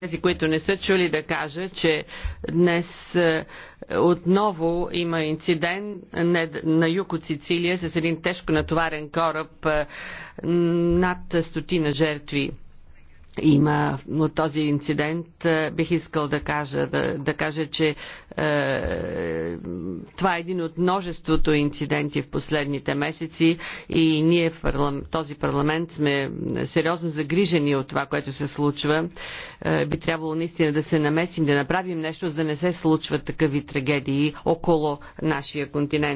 Тези, които не са чули да кажа, че днес е, отново има инцидент на юг от Сицилия с един тежко натоварен кораб е, над стотина жертви има от този инцидент. Е, бих искал да кажа, да, да кажа че това е един от множеството инциденти в последните месеци и ние в този парламент сме сериозно загрижени от това, което се случва. Е, би трябвало наистина да се намесим, да направим нещо, за да не се случват такъви трагедии около нашия континент.